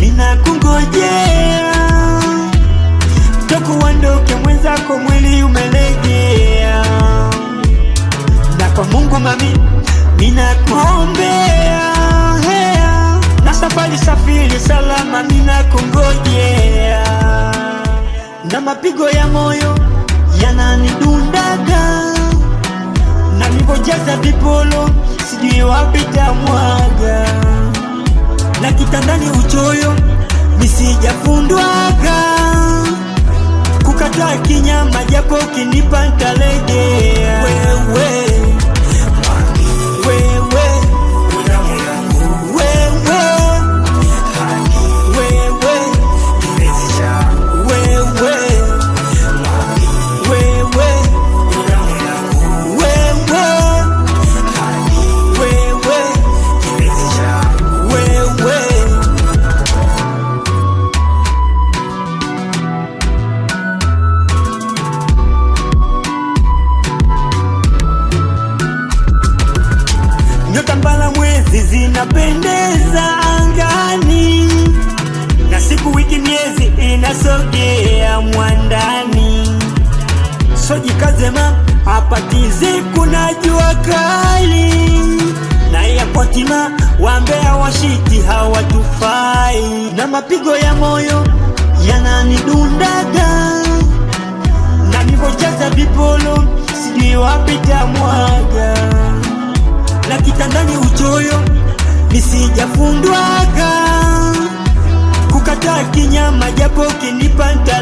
ninakungojea toku wandoke mwenzako, mwili umelegea, na kwa Mungu mami ninakuombea, na safari safiri salama, ninakungojea, na mapigo ya moyo yananidundaga, na nivojaza vipolo sijui wapi tamwaga na kitandani uchoyo nisijafundwaga kukata kinyama japo kinipa ntale inasogea mwandani, soji kazema apatize, kuna jua kali na yakotima, wambea washiti hawatufai, na mapigo ya moyo yananidundaga na nivojaza vipolo sijui wapita mwaga na kitandani uchoyo nisijafundwa hata kinyama japo kinipata